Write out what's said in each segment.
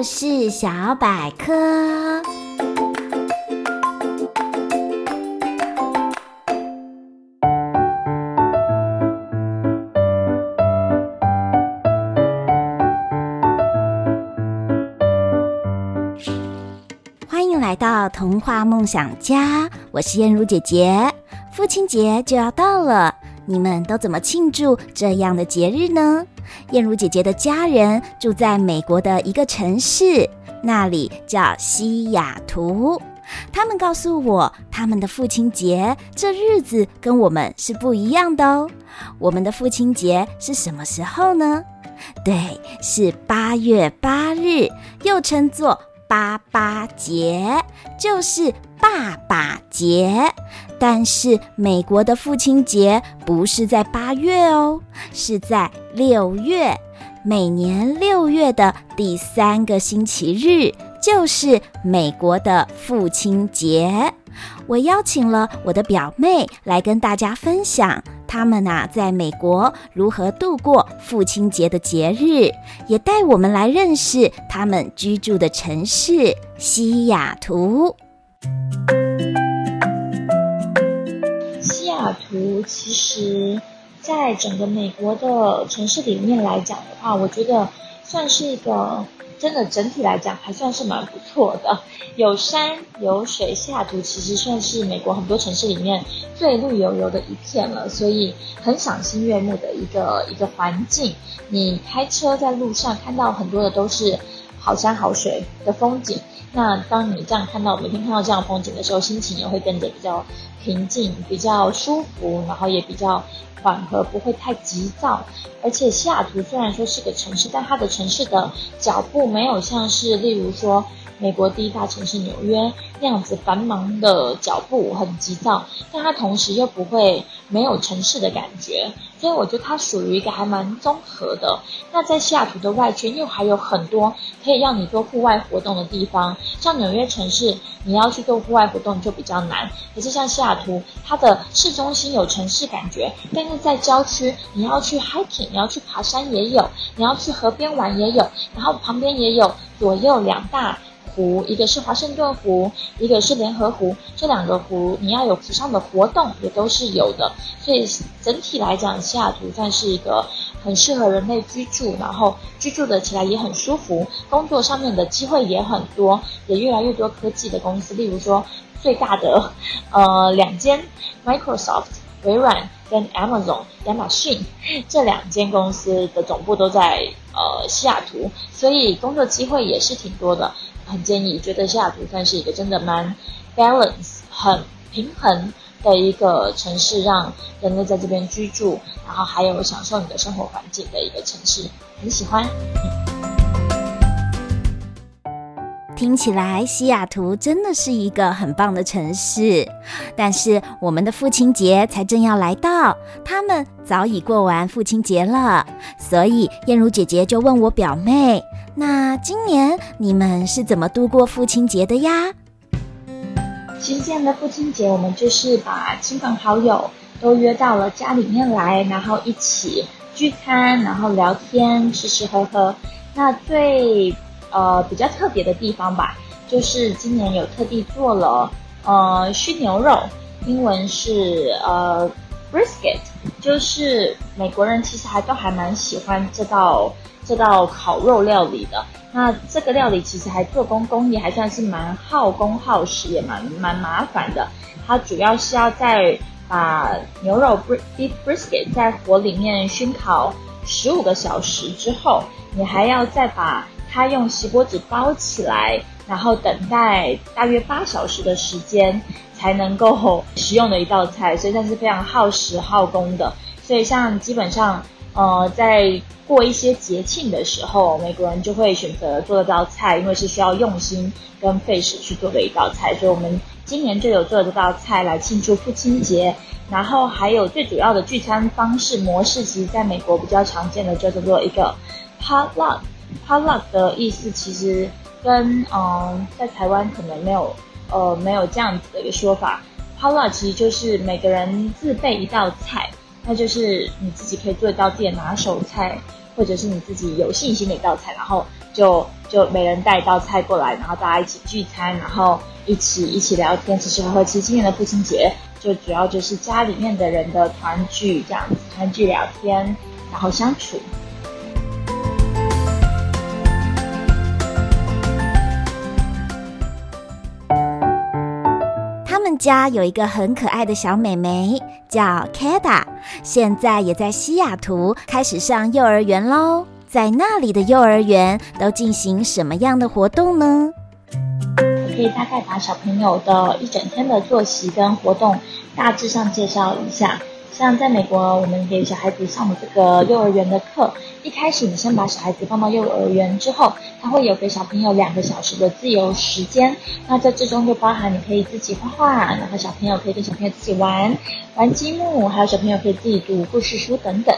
故事小百科，歡迎來到童話夢想家，我是彥如姐姐。父親節就要到了，你們都怎麼慶祝這樣的節日呢？彥如姐姐的家人住在美國的一個城市，那裡叫西雅圖。他們告訴我，他們的父親節這日子跟我們是不一樣的哦。我們的父親節是什麼時候呢？對，是八月八日，又稱作，八八節就是爸爸節，但是美國的父親節不是在八月哦，是在六月，每年六月的第三個星期日。就是美國的父親節，我邀請了我的表妹來跟大家分享他們吶、啊、在美國如何度過父親節的節日，也帶我們來認識他們居住的城市西雅圖。西雅圖其實，在整個美國的城市裡面來講的話，我覺得。算是一個真的，整體來講還算是蠻不錯的，有山有水，西雅圖其實算是美國很多城市裡面最綠油油的一片了，所以很賞心悅目的一個一個環境。你開車在路上看到很多的都是好山好水的風景，那當你這樣看到每天看到這樣風景的時候，心情也會變得比較。平靜比較舒服，然後也比較緩和，不會太急躁。而且西雅圖雖然說是個城市，但它的城市的腳步沒有像是例如說美國第一大城市紐約那樣子繁忙的腳步，很急躁。但它同時又不會沒有城市的感覺，所以我覺得它屬於一個還蠻綜合的。那在西雅圖的外圈又還有很多可以讓你做戶外活動的地方，像紐約城市你要去做戶外活動就比較難，可是像西雅。圖它的市中心有城市感覺，但是在郊區，你要去 hiking，你要去爬山也有，你要去河邊玩也有，然後旁邊也有，左右兩大。一個是華盛頓湖，一個是聯合湖，這兩個湖你要有湖上的活動也都是有的。所以整體來講，西雅圖算是一個很適合人類居住，然後居住的起來也很舒服，工作上面的機會也很多，也越來越多科技的公司，例如說最大的呃兩間 Microsoft 微軟跟 Amazon 亞馬遜這兩間公司的總部都在呃西雅圖，所以工作機會也是挺多的。很建議，覺得西雅圖算是一個真的蠻 balance 很平衡的一個城市，讓人類在這邊居住，然後還有享受你的生活環境的一個城市，很喜歡。聽起來西雅圖真的是一個很棒的城市，但是我們的父親節才正要來到，他們早已過完父親節了，所以彥如姐姐就問我表妹。那今年你們是怎麼度過父親節的呀？其實今年的父親節，我們就是把親朋好友都約到了家裡面來，然後一起聚餐，然後聊天，吃吃喝喝。那最呃比較特別的地方吧，就是今年有特地做了呃燻牛肉，英文是呃 brisket，就是美國人其實還都還蠻喜歡這道。這道烤肉料理的，那這個料理其實還做工工藝還算是蠻耗工耗時，也蠻蠻麻煩的。它主要是要在把牛肉 beef brisket 在火裡面燻烤十五個小時之後，你還要再把它用錫箔紙包起來，然後等待大約八小時的時間才能夠食用的一道菜，所以算是非常耗時耗工的。所以像基本上。呃，在過一些節慶的時候，美國人就會選擇做這道菜，因為是需要用心跟費時去做的一道菜。所以我們今年就有做這道菜來慶祝父親節。然後還有最主要的聚餐方式模式，其實在美國比較常見的就是做一個 potluck。potluck 的意思其實跟嗯、呃，在台灣可能沒有呃沒有這樣子的一個說法。potluck 其實就是每個人自備一道菜。那就是你自己可以做一道自己拿手菜，或者是你自己有信心的一道菜，然後就就每人帶一道菜過來，然後大家一起聚餐，然後一起一起聊天，其實和其實今年的父親節就主要就是家裡面的人的團聚這樣子，團聚聊天，然後相處。家有一個很可愛的小妹妹，叫 Kada，現在也在西雅圖開始上幼兒園嘍。在那裡的幼兒園都進行什麼樣的活動呢？我可以大概把小朋友的一整天的作息跟活動大致上介紹一下。像在美國，我們給小孩子上的這個幼兒園的課。一開始，你先把小孩子放到幼兒園之後，他會有給小朋友兩個小時的自由時間。那在這中就包含你可以自己畫畫，然後小朋友可以跟小朋友自己玩，玩積木，還有小朋友可以自己讀故事書等等。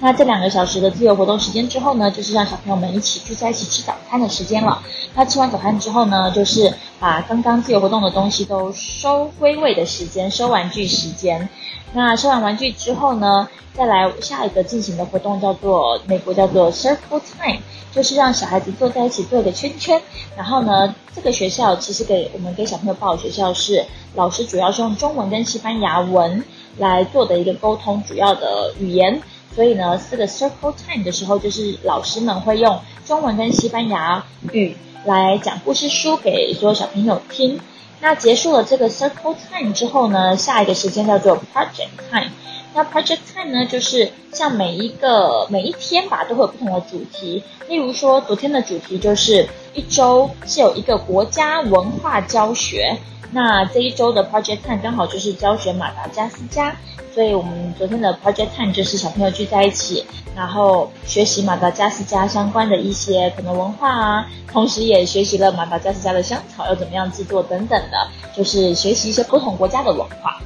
那這兩個小時的自由活動時間之後呢，就是讓小朋友們一起聚在一起吃早餐的時間了。那吃完早餐之後呢，就是把剛剛自由活動的東西都收歸位的時間，收玩具時間。那收完玩具之後呢，再來下一個進行的活動叫做我叫做 Circle Time，就是讓小孩子坐在一起做一個圈圈。然後呢，這個學校其實給我們給小朋友報的學校是老師主要是用中文跟西班牙文來做的一個溝通，主要的語言。所以呢，這個 Circle Time 的時候，就是老師們會用中文跟西班牙語來講故事書給所有小朋友聽。那結束了這個 circle time 之後呢，下一個時間叫做 project time。那 project time 呢，就是像每一個，每一天吧，都會有不同的主題。例如說，昨天的主題就是一周是有一個國家文化教學。那這一週的 project time 剛好就是教學馬達加斯加，所以我們昨天的 project time 就是小朋友聚在一起，然後學習馬達加斯加相關的一些可能文化啊，同時也學習了馬達加斯加的香草要怎麼樣製作等等的，就是學習一些不同國家的文化。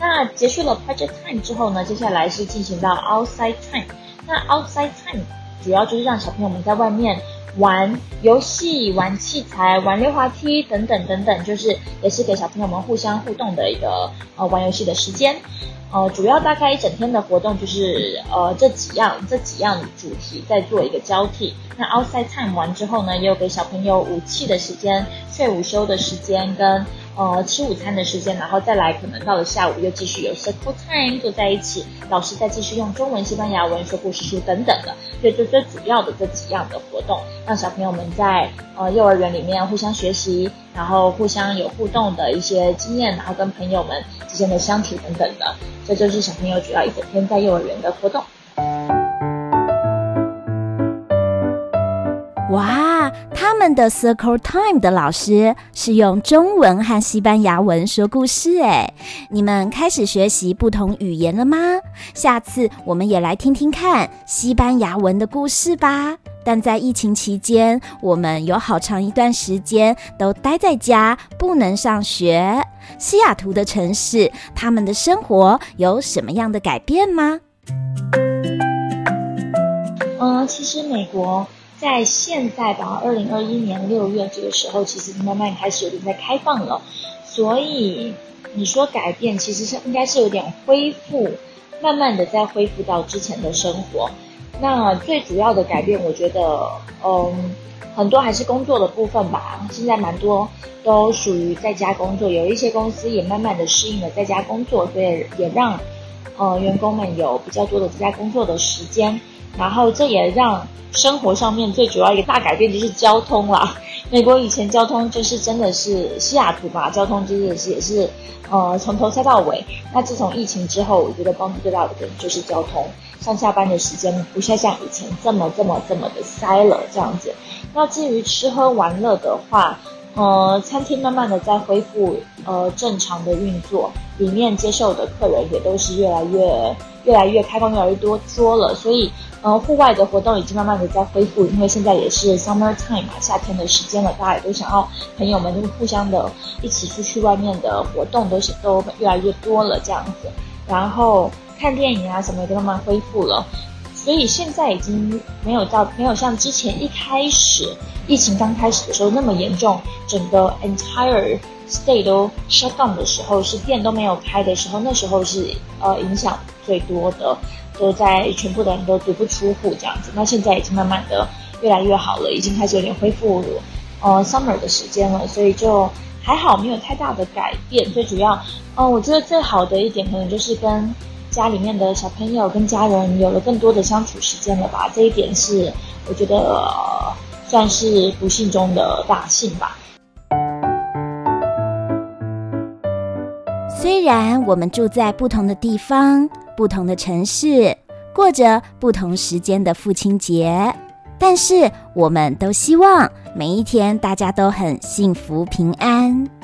那結束了 project time 之後呢，接下來是進行到 outside time。那 outside time 主要就是讓小朋友們在外面。玩遊戲、玩器材、玩溜滑梯等等等等，就是也是給小朋友們互相互動的一個呃玩遊戲的時間，呃，主要大概一整天的活動就是呃這幾樣這幾樣主題在做一個交替。那 Outside Time 完之後呢，也有給小朋友午憩的時間、睡午休的時間跟。呃，吃午餐的時間，然後再來，可能到了下午又繼續有些 circle time 坐在一起，老師再繼續用中文、西班牙文說故事書等等的，所以就最最主要的這幾樣的活動，讓小朋友們在呃幼兒園裡面互相學習，然後互相有互動的一些經驗，然後跟朋友們之間的相處等等的，就這就是小朋友主要一整天在幼兒園的活動。哇！他們的 Circle Time 的老師是用中文和西班牙文說故事。哎，你們開始學習不同語言了嗎？下次我們也來聽聽看西班牙文的故事吧。但在疫情期間，我們有好長一段時間都待在家，不能上學。西雅圖的城市，他們的生活有什麼樣的改變嗎？嗯、呃，其實美國。在現在吧，二零二一年六月這個時候，其實慢慢開始有點在開放了，所以你說改變，其實是應該是有點恢復，慢慢的在恢復到之前的生活。那最主要的改變，我覺得，嗯，很多還是工作的部分吧。現在蠻多都屬於在家工作，有一些公司也慢慢的適應了在家工作，所以也讓，呃，員工們有比較多的在家工作的時間。然後這也讓生活上面最主要一個大改變就是交通啦。美國以前交通就是真的是西雅圖吧，交通就是也是，呃，從頭塞到尾。那自從疫情之後，我覺得幫助最大的點，就是交通，上下班的時間不再像以前這麼這麼這麼的塞了這樣子。那至於吃喝玩樂的話。呃，餐廳慢慢的在恢復，呃，正常的運作，裡面接受的客人也都是越來越，越來越開放，越來越多桌了。所以，呃，戶外的活動已經慢慢的在恢復，因為現在也是 summer time 啊，夏天的時間了，大家也都想要朋友們就是互相的一起出去外面的活動都是，都越來越多了這樣子，然後看電影啊什麼也都慢慢恢復了。所以現在已經沒有到沒有像之前一開始疫情剛開始的時候那麼嚴重，整個 entire state 都 shut down 的時候，是店都沒有開的時候，那時候是呃影響最多的，都在全部的人都足不出戶這樣子。那現在已經慢慢的越來越好了，已經開始有點恢復呃 summer 的時間了，所以就還好沒有太大的改變。最主要，哦，我覺得最好的一點可能就是跟。家裡面的小朋友跟家人有了更多的相處時間了吧？這一點是我覺得，呃，算是不幸中的大幸吧。雖然我們住在不同的地方、不同的城市，過着不同時間的父親節，但是我們都希望每一天大家都很幸福平安。